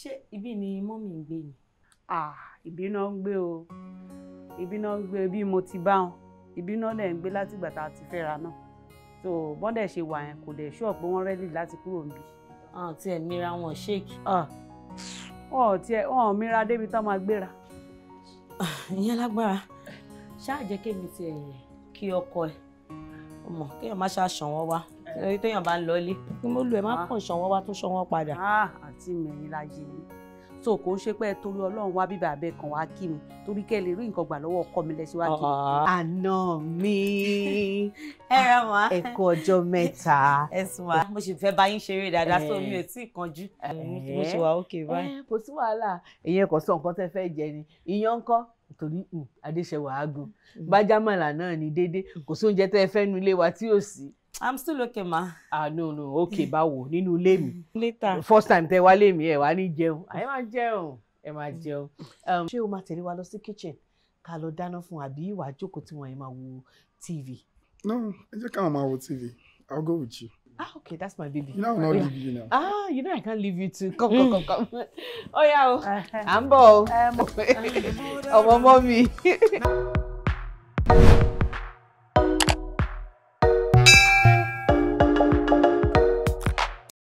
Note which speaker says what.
Speaker 1: ṣé ibi ni mọ́mì ń gbé ni. ibi náà ń gbé o ibi náà ń gbé bí mo ti bá wọn ibi náà lẹ̀ ń gbé látìgbà tá a ti fẹ́ra náà tó wọ́n dẹ̀ ṣe wà yẹn kò dẹ̀ ṣú ọ̀pọ̀ wọn rẹ́dì láti kúrò níbí. àǹtí ẹ̀ mira wọn ṣéèkì. wọn ò tiẹ̀ wọn ò mira débi tá a máa gbéra. ìyẹn lágbára ṣáà jẹ́ kémi tiẹ̀ kí ọkọ ẹ̀ ọmọ kéèyàn má ṣàṣàn wọn wá ẹni téèyàn bá ń lọ ilé ni mo lù ẹ má ah. kàn ṣan wọn wá tún ṣan wọn padà. Ah, àǹtí mẹ́rin láyé mi so kò ń ṣe pé torí ọlọ́run wá bíbẹ̀ abẹ́ kan wá kí mi torí kẹ́ lè rí nǹkan gbà lọ́wọ́ ọkọ mi lẹ́síwájú. Ah. àná mi ẹ
Speaker 2: ọjọ́ mẹ́ta. ẹ̀sùn wa
Speaker 1: mo sì fẹ́ bá yín ṣeré dáadáa so mi ò tí ì kanjú. mo eh, ṣe wà ókè báyìí. Eh, kò sí wàhálà
Speaker 2: ìyẹn kò sọ nǹkan tẹ́ fẹ́ jẹ ni ìyẹn ń torí hmm, adéṣẹwà ágùn hmm. bájámàlà náà ni déédéé kò sóúnjẹ tẹ́ ẹ fẹ́ nu ilé wa tí ò sí i'm still okay ma. ah no no okay báwo Ninu ilé mi. later first time tẹ wa lé mi ẹ wa ni jẹun ẹ máa jẹun ẹ máa mm. jẹun. Um, ṣé o máa tẹ̀lé wa lọ sí kitchen ká lọ dáná fún àbí ìwà àjókòó tí wọ́n yẹn máa wo tv. no ẹ jẹ́ káwọn máa wo tv i'll go with you. ah okay that's my baby. you know i'm not leave you now. ah you know i can't leave you too come come come
Speaker 1: come. ó
Speaker 2: yá o à ń bọ̀ o oh. um, ọmọ mọ́ mi.